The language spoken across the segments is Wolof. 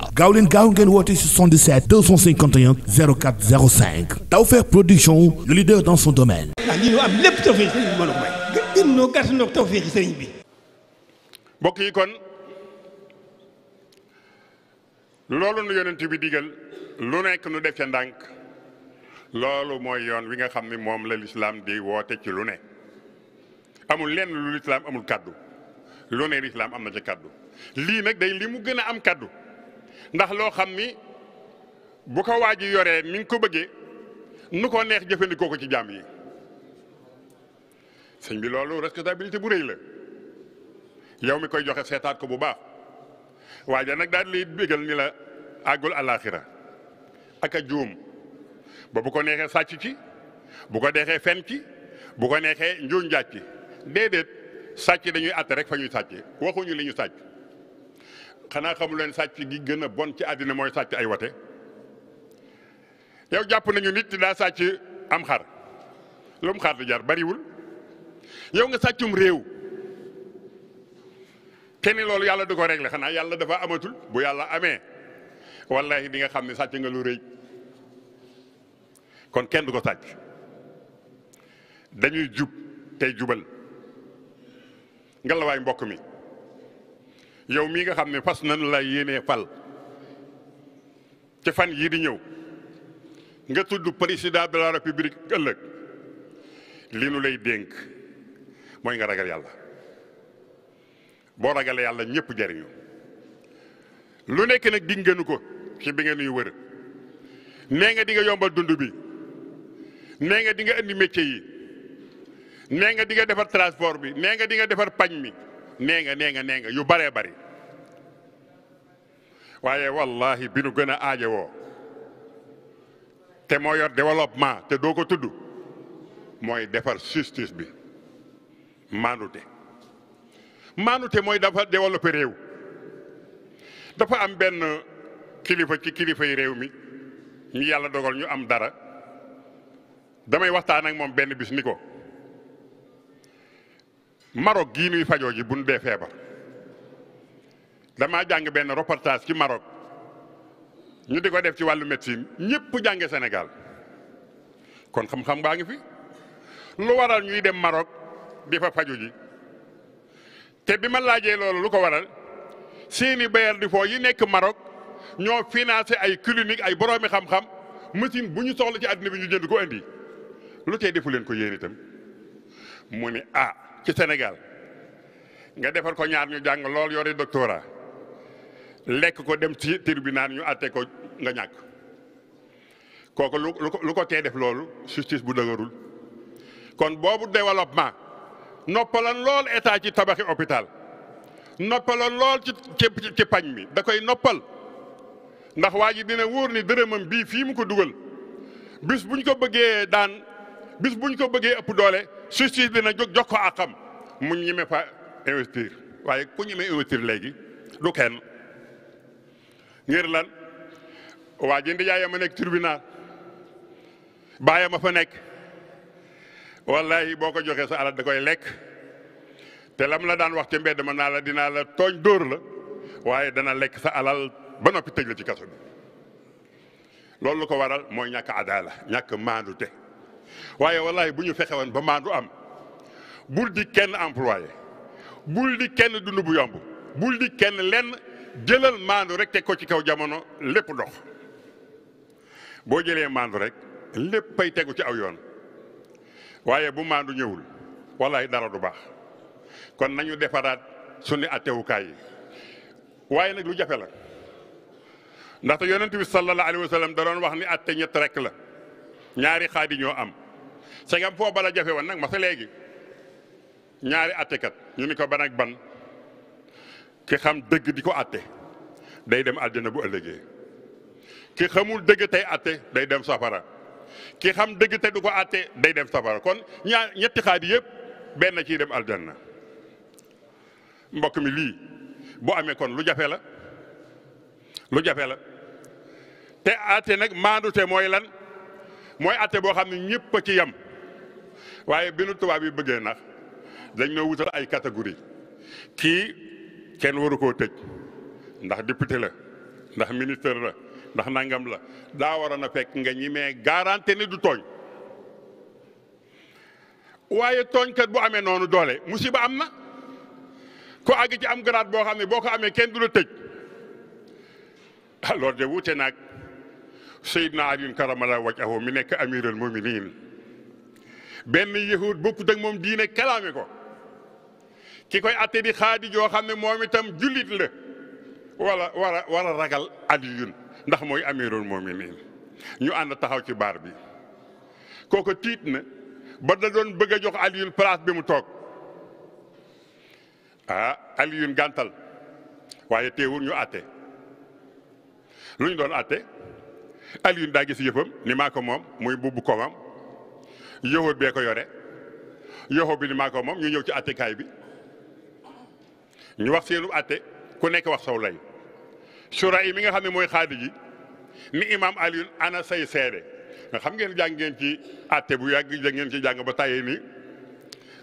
waaw gaaw leen gaaw ngeen woote 77 251 04 Production ah, ñu am lépp tawfeex sëriñ bi mën a may. gën noo gàtt noo yi kon loolu nu yonent bi digal lu nekk nu def ca ndànk loolu mooy yoon wi nga xam ni moom la lislaam di woote ci lu ne amul lenn lu lislaam amul kàddu lu ne lislaam am na ca kàddu lii nag day li mu gën a am kàddu. ndax loo xam ni bu ko waa ji yoree mi ngi ko bëggee nu ko neex jëfandikoo ko ci jàmm yi sëñ bi loolu responsabilité bu rëy la yow mi koy joxe seetaat ko bu baax waa ja nag daal di lay ni la àggul àllaaxira ak a juum ba bu ko neexee sàcc ci bu ko neexee fen ci bu ko neexee njuuñ njaaj ci déedéet sàcc dañuy àtte rek fa ñuy sàcce waxuñu li ñu sàcc xanaa xamu leen sàcc gi gën a bon ci àddina mooy sàcc ay wate yow jàpp nañu nit daa sàcc am xar lu xar di jar bariwul yow nga sàccum réew kenn loolu yàlla du ko réglé xanaa yàlla dafa amatul bu yàlla amee wallahi di nga xam ne sàcc nga lu rëy kon kenn du ko sàcc dañuy jub tey jubal ngelawaay mbokk mi. yow mii nga xam ne fas nanu lay yéenee fal ci fan yii di ñëw nga tudd président de la république ëllëg li nu lay dénk mooy nga ragal yàlla boo ragalee yàlla ñëpp jariñu lu nekk nag dig ngeen ko ci bi ngeen nuy wër nee nga di nga yombal dund bi nee nga di nga indi métier yi nee nga di nga defar transport bi nee nga di nga defar pañ mi nee nga nee nga nee nga yu baree bari waaye wallahi bi nu gën a aajowoo te moo yor développement te doo ko tudd mooy defar sistis bi maanute maanute mooy dafa développer réew dafa am benn kilifa ci kilifa réew mi ñu yàlla dogal ñu am dara damay waxtaan ak moom benn bis Maroc gii nuy fajoo ji buñ dee feebar dama jàng benn reportage ci Maroc ñu di ko def ci wàllu médecine ñëpp jànge Sénégal kon xam-xam baa ngi fi lu waral ñuy dem Maroc di fa ji te bi ma laajee loolu lu ko waral seeni bayar di foo yi nekk Maroc ñoo financé ay clinique ay boroomi xam-xam machine bu ñu soxla ci àddina bi ñu jënd ko indi lu tey defu leen ko yéen itam mu ne ah ci Sénégal nga defar ko ñaar ñu jàng lool yore doctorat lekk ko dem ci tribunal ñu àtte ko nga ñàkk kooku lu lu ko tee def loolu justice bu dëgërul kon boobu développement noppaloon lool état ci tabaxi hôpital noppaloon lool ci ci pañ mi da koy noppal ndax waa ji dina wóor ni dërëmam bii fii mu ko dugal bis buñ ko bëggee daan bis buñ ko bëggee ëpp doole justice bi nag jox ko àqam mu ñeme fa investir waaye ku ñeme investir léegi du kenn ngir lan waa jënd yaayam a nekk tribunal baayam a fa nekk wallahi boo ko joxee sa alal da koy lekk te lam la daan wax ca mbedd ma naa la dinaa la tooñ dóor la waaye dana lekk sa alal ba noppi tëj la ci kaso bi loolu lu ko waral mooy ñàkk adala ñàkk maandute waaye wallahi bu ñu fexe woon ba maandu am bul di kenn employé bul di kenn dund bu yomb bul di kenn lenn jëlal maandu rek teg ko ci kaw jamono lépp dox boo jëlee maandu rek léppay tegu ci aw yoon waaye bu maandu ñëwul wallahi dara du baax kon nañu defaraat suñu attewukaay yi waaye nag lu jafe la ndaxte yonent bi sallallahu alayhi wa sallam da doon wax ni atte ñett rek la ñaari xaadi ñoo am segam foo bala jafe woon nag masa léegi ñaari attekat ñu ni ko ban ak ban ki xam dëgg di ko atte day dem àjjana bu ëllëgee ki xamul dëgg tey atte day dem safara ki xam dëgg te du ko atte day dem safara kon ñaar ñetti xaadi yëpp benn ciy dem aljanna mbokk mi lii bu amee kon lu jafe la lu jafe la te atte nag maandute mooy lan mooy atte boo xam ne ñëpp a ci yem waaye bi nu tubaab yi bëggee nax dañ noo wutal ay catégorie kii kenn waru koo tëj ndax député la ndax ministre la ndax nangam la daa waroon a fekk nga ñi mee garanti ni du tooñ waaye tooñkat bu amee noonu doole musiba am na ko àgg ci am grade boo xam ne boo ko amee kenn du la tëj alors ah, de wuute nag Seydina Aliyun karamallaahu aw mi nekk amirul muminin benn yahud bokkut ak moom diine kalaame ko ki koy atte di xaadi joo xam ne moom itam jullit la wala wara a ragal Aliyun ndax mooy amirul muminin ñu ànd taxaw ci baar bi kooku tiit na ba da doon bëgg a jox Aliyun place bi mu toog ah Aliyun gàntal waaye teewu ñu atte lu ñu doon atte Alioune daa gis yëppam ni maako moom muy buubu koomam yoxóot bee ko yore yoxóot bi ni maa moom ñu ñëw ci attekaay bi ñu wax seenu atte ku nekk wax saw lay sura yi mi nga xam ne mooy xaadi ji ni imam Alioune ana say seede nga xam ngeen jàng ngeen ci atte bu yàgg da ngeen ci jàng ba tàyyee ni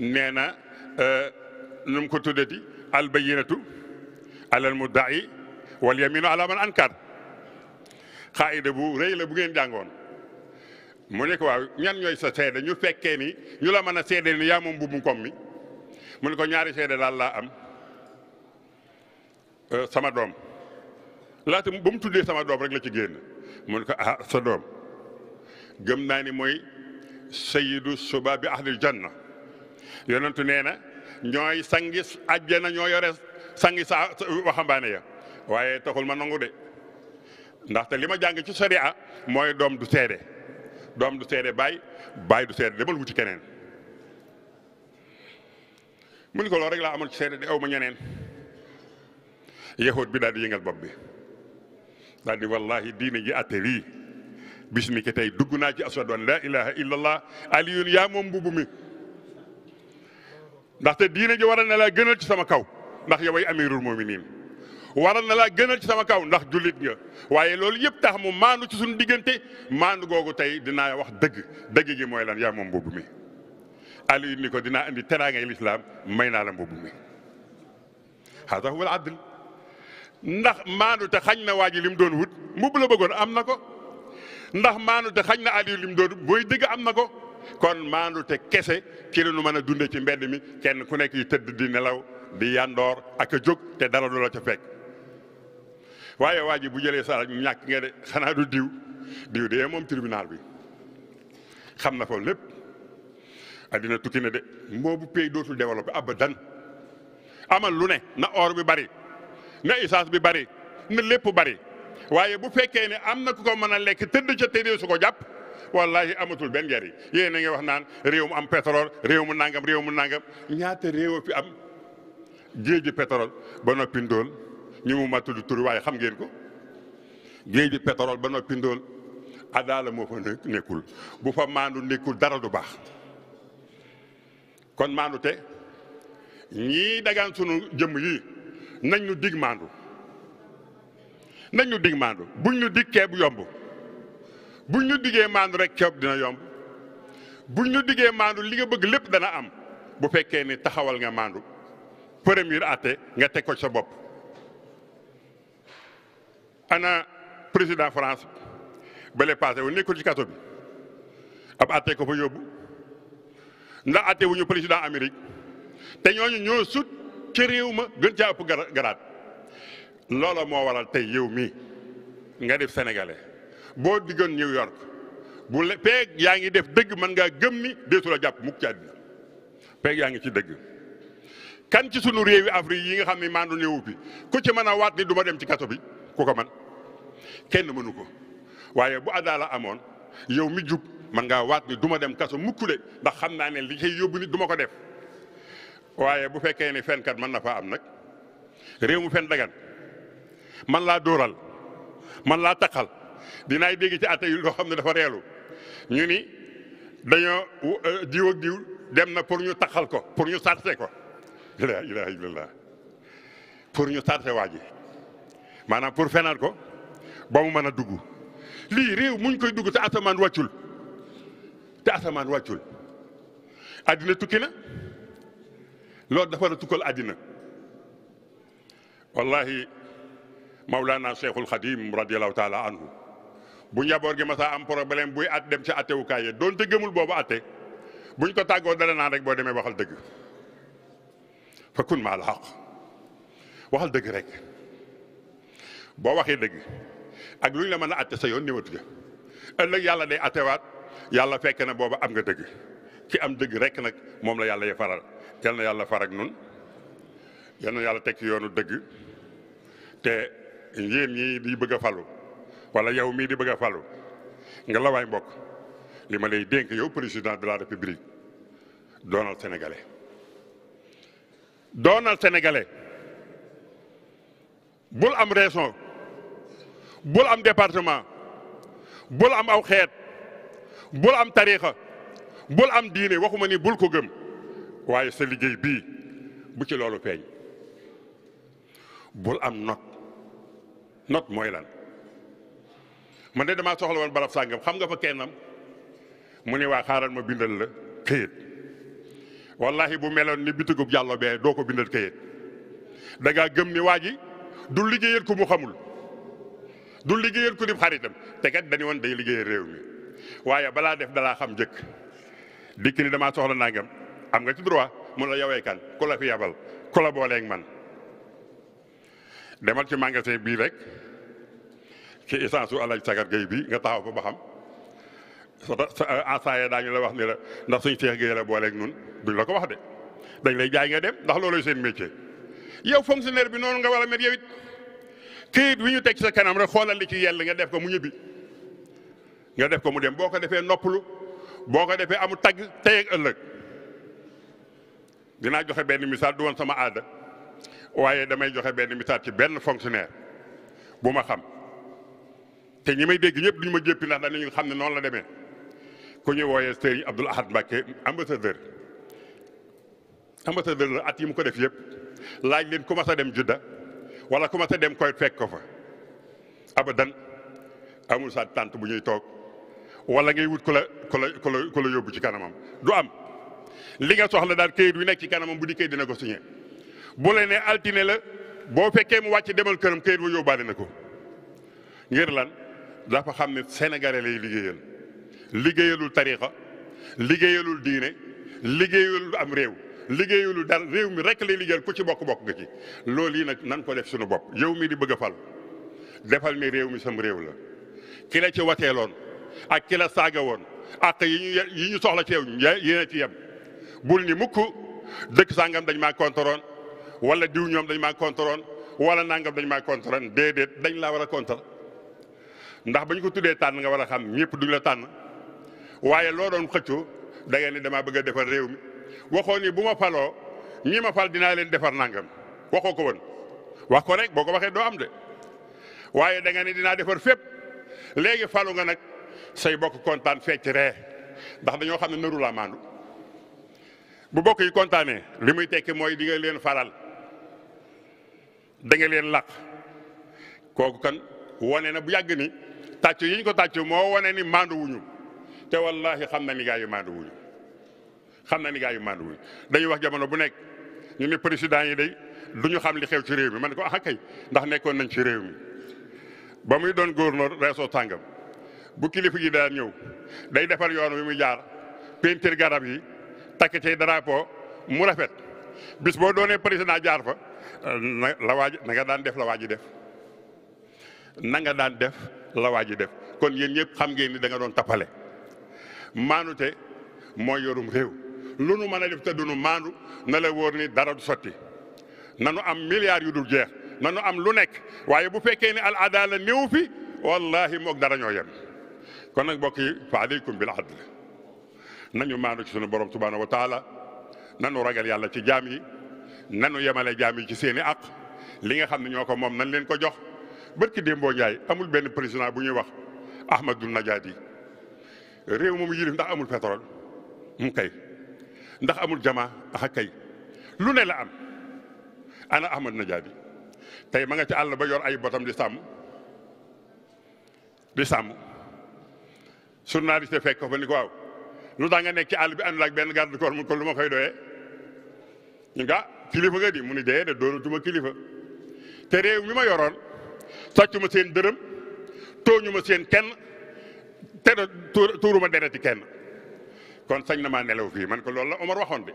nee na euh, nu mu ko tuddati al bayyinatu alal mudda'i wal yaminu ala man ankar xaayida bu rëy la bu ngeen jàngoon mu ne ko waaw ñan ñooy sa seede ñu fekkee ni ñu la mën a seede ni yaa moom buubu kom mi mu ne ko ñaari seede daal laa am euh, sama doom laata ba mu tuddee sama doom rek la ci génn mu ne ko ah sa doom gëm naa ni mooy sayidu suba bi ahlil janna yonentu nee na ñooy sangi àjjana ñoo yore sangi sa waxambaane ya waaye taxul ma nangu de ndaxte li ma jàng ci sariya mooy doom du seede doom du seede baay baay du seede demal wuti keneen mu ni ko loo rek laa amoon ci seede di aw ma ñeneen yahut bi daal di yëngal bopp bi daal di wallahi diine ji atte lii tey dugg naa ci ashadu an laa ilaha illallah yaa moom mbubu mi ndaxte diine ji waral na laa gënal ci sama kaw ndax yow ay amirul muminin waral na laa gënal ci sama kaw ndax jullit nga waaye loolu yëpp tax mu maandu ci suñu diggante maandu googu tey dinaa wax dëgg dëgg gi mooy lan yaa moom mbubb mi Aliou ni ko dinaa indi teraangay lislaam may naa la mbubb mi haada huwa al adl ndax maandu te xañ na waa ji li mu doon wut mbubb la bëggoon am na ko ndax maandu te xañ na Aliou li mu doon booy dëgg am na ko kon maandu te kese ci la ñu mën a dundee ci mbedd mi kenn ku nekk i tëdd di nelaw di yandoor ak a jóg te dara ca fekk waaye waaj bu jëlee sa ñàkk nga de xanaa du diw diw de moom tribunal bi xam na ko lépp addina tukki na de bu pays dootul développé abadan amal lu ne na or bi bari na essence bi bari na lépp bari waaye bu fekkee ne am na ku ko mën a lekk tëdd ca tëddee su ko jàpp wallahi amatul benn njariñ yéen a ngi wax naan réew mu am pétrole réew mu nangam réew mu nangam ñaata réew a fi am géeju pétrole ba noppi ndóol ñi mu ma tudd tur waaye xam ngeen ko géej bi ba noppi ndóol adaala moo fa nekkul bu fa maandu nekkul dara du baax kon maandu te ñii dagaan sunu jëmm yi nañ ñu dig maandu nañ nu dig maandu buñ ñu dig keeb yomb buñ ñu diggee maandu rek keeb dina yomb buñ ñu diggee maandu li nga bëgg lépp dana am bu fekkee ni taxawal nga maandu premier até nga teg ko sa bopp ana président France bale passé wu nekkul ci kaso bi ab atte ko fa yóbbu ndax atte wu ñu président Amérique te ñooñu ñoo sut ci réew ma gën caa ëpp garaat loola moo waral tey yow mi nga def sénégalais boo diggoon New York bu le peeg yaa ngi def dëgg mën ngaa gëm ni deesu jàpp mukk ci àddina peeg yaa ngi ci dëgg kan ci sunu réewi Afrique yi nga xam ne maandu néewu fi ku ci mën a waat ni du ma dem ci kaso bi ku ko man kenn mënu ko waaye bu adaala amoon yow mi jub man ngaa waat ni duma dem kaso mukkule ndax xam naa ne li koy yóbbu nit du ma ko def waaye bu fekkee ne fenkat mën na faa am nag réew mu fen dagan man laa dóoral man laa taqal dinaay dégg ci atte yi loo xam ne dafa reelu ñu ni dañoo euh, diw ak diw dem na pour ñu taqal ko pour ñu sarse ko la ilaha pour ñu sarse waa ji maanaam pour fenal ko ba mu mën a dugg lii réew muñ koy dugg te asamaan wàccul te asamaan wàccul àddina tukki na loolu dafa war a tukkal àddina wallahi Mawlana Cheikhul Khadim radiallahu taala anhu bu njaboor gi ma masaa am problème buy at dem ci attewukaay ya doonte gëmul boobu atte buñ ko tàggoo dara naan rek boo demee waxal dëgg fa kun ma al xaq waxal dëgg rek boo waxee dëgg ak lu ñu la mën a atte sa yoon néewatu ja ëllëg yàlla day attewaat yàlla fekk na booba am nga dëgg ki am dëgg rek nag moom la yàlla ya faral yal yàlla farak nun yal yàlla teg ci yoonu dëgg te yéen ñii di bëgg a falu wala yow mii di bëgg a falu nga la mbokk li ma lay dénk yow président de la république doonal sénégalais doonal sénégalais bul am raison bul am département bul am aw xeet bul am tariixa bul am diine waxuma ni bul ko gëm waaye sa liggéey bii bu ci loolu feeñ bul am not not mooy lan ma de damaa soxla woon barab sàngam xam nga fa kennam mu ne waa xaaral ma bindal la këyit wallahi bu meloon ni bitigub jàllo bee doo ko bindal këyit da ngaa gëm ni waa ji du liggéeyal ku mu xamul du liggéeyal ku dib xaritam te kat dañu woon day liggéeyal réew mi waaye balaa def dalaa xam njëkk dikk ni damaa soxla nangam am nga ci droit mun la yowee kan ku la fi yabal ku la booleeg man. demal ci magasin bii rek ci essence su Alaaji Sagar Gueye bi nga taxaw fa ba xam sa euh, ensaayé daañu la wax ni ndax suñ Seex Gueye la booleeg nun duñ la ko wax de dañ lay jaay nga dem ndax looloy seen métier yow fonctionnaire bi noonu nga war a mel këyit wi ñu teg sa kanam rek xoolal li ci yell nga def ko mu ñibbi nga def ko mu dem boo ko defee noppalu boo ko defee amu tagg tey ak ëllëg dinaa joxe benn misaal du woon sama aada waaye damay joxe benn misaal ci benn fonctionnaire bu ma xam te ñi may dégg ñëpp duñu ma jéppi ndax danañu xam ne noonu la demee ku ñu wooyee Serigne Abdoul Ahad Mbacké ambassadeur ambassadeur la at yi mu ko def yëpp laaj leen ku mas dem Judda wala ku ma sa dem koy fekk ko fa abadan amul sa tànt bu ñuy toog wala ngay wut ku la ku la ku la yóbbu ci kanamam du am li nga soxla daal këyit wi nekk ci kanamam bu dikkee dina ko signé bu la nee altine la boo fekkee mu wàcc demal këram këyit wa yóbbaale na ko ngir lan dafa xam ne sénégalais lay liggéeyal liggéeyalul tariqa liggéeyalul diine liggéeyalul am réew liggéeyulu dara réew mi rek lay liggéeyal ku ci bokk-bokk nga ci loolu yi nag nan ko def suñu bopp yow mi di bëgg fal defal mi réew mi sam réew la ki la ci wateeloon ak kila la saaga woon ak yi yi ñu soxla ci yow yéen a ci yem bul ni mukk dëkk sangam dañ ma maa woon wala diw ñoom dañ maa kontoroon wala nangam dañ maa kontoroon déedéet dañ laa war a kontor ndax ba ñu ko tuddee tànn nga war a xam ñëpp duñ la tànn waaye loo doon xëccoo da ngeen ni damaa bëgg a defar réew mi waxoo ni bu ma faloo ñi ma fal dinaa leen defar nangam waxoo ko woon wax ko rek boo ko waxee doo am de waaye da dinaa defar fépp léegi falu nga nag say bokk kontaan fecc re ndax dañoo xam ne nëru laa maandu bu bokk yi kontaanee li muy tekki mooy di nga leen faral danga leen làq kooku kan wane na bu yàgg ni tàcc yiñ ko tàcc moo wane ni maandu wuñu te wallahi xam na ni gaa wu maandu xam na ni gaa yu maanduwul dañuy wax jamono bu nekk ñu ne président yi day du ñu xam li xew ci réew mi man ko ah kay ndax nekkoon nañ ci réew mi ba muy doon gouverneur reesoo tàngam bu kilifa yi daan ñëw day defal yoon wi muy jaar peinture garab yi takk cay drapeau mu rafet bis boo doonee président jaar fa na la waa ji nga daan def la waa ji def na nga daan def la waa ji def kon yéen yëpp xam ngeen ni da doon tappale maanute mooy yorum réew lu nu mën a def te du nu maandu na la dara du sotti nanu am milliards yu dul jeex nanu am lu nekk waaye bu fekkee ni al adala néew fi wallahi moog dara ñoo yem kon nag mbokk yi fa aleykum bil adl nañu maandu ci sunu borom subhanahu wa taala nanu ragal yàlla ci jaam yi nanu yemale jaam yi ci seeni àq li nga xam ne ñoo ko moom nañ leen ko jox barki boo Ndiaye amul benn président bu ñuy wax Ahmadou Najadi réew mu yilif ndax amul pétrole mu kay ndax amul jamaa axa kay lu ne la am ana Ahmad Najaabi tey ma nga ci àll ba yor ay botam di sàmm di sàmm journaliste fekk ko fa ni ko waaw lu tax nga nekk ci àll bi àndul ak benn garde corps mu ko lu ma koy doyee ñu nga ah, kilifa nga di mu ni dee de doonatuma kilifa te réew mi ma yoroon sàccu ma seen dërëm tooñu ma seen kenn te turu ma dereti kenn kon sañ na maa nelaw fii man ko loolu la Omar waxoon de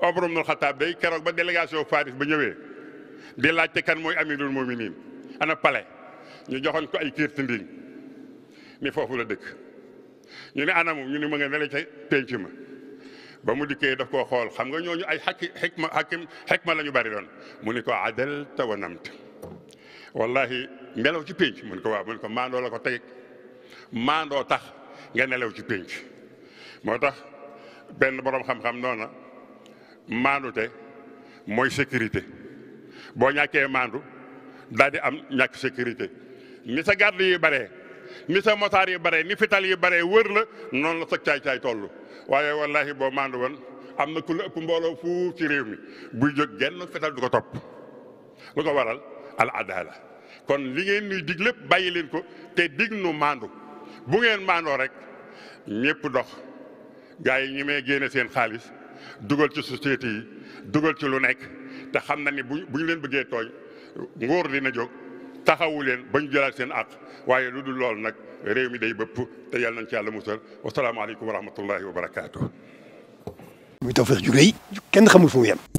Omar ibnul Xataab day keroog ba délégation Faris ba ñëwee di laajte kan mooy amirul muminin ana pale ñu joxoon ko ay kiir tindiñ ni foofu la dëkk ñu ne anamu ñu ne ma nga nele ca penc ma ba mu dikkee daf koo xool xam nga ñooñu ay xakki xikma xakim xikma la ñu bari doon mu ni ko adal tawanamt wallahi nelaw ci penc mun ko waaw mun ko maandoo ko teg maandoo tax nga nelaw ci penc moo tax benn boroom xam-xam noona maandute mooy sécurité boo ñàkkee maandu daal di am ñàkk sécurité ni sa garde yi bare ni sa motaar yi bare ni fital yi bare wër la noonu la sa caay-caay toll waaye wallahi boo maandu woon am na ku la ëpp mbooloo fuuf ci réew mi buy jóg genn fital du ko topp lu ko waral al adala kon li ngeen nuy dig lépp bàyyi leen ko te dig nu maandu bu ngeen maandoo rek ñépp dox gaa yi ñi may génne seen xaalis dugal ci société yi dugal ci lu nekk te xam na ni bu bu ñu leen bëggee tooñ nguur dina jóg taxawu leen ba ñu jëlaat seen at waaye lu dul lool nag réew mi day bëpp te yàlla nañ ci yàlla musal wasalaamaaleykum wa rahmatullahi wa barakaatu. muy Tawfekh ju rëy kenn xamul fu mu yem.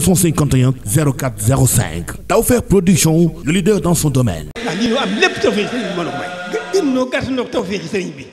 251 04 05 Tawfekh Production le leader dans son domaine. ah lii am lépp tawfeex sëriñ bi mën a may. gën noo gàtt noo tawfeex sëriñ bi.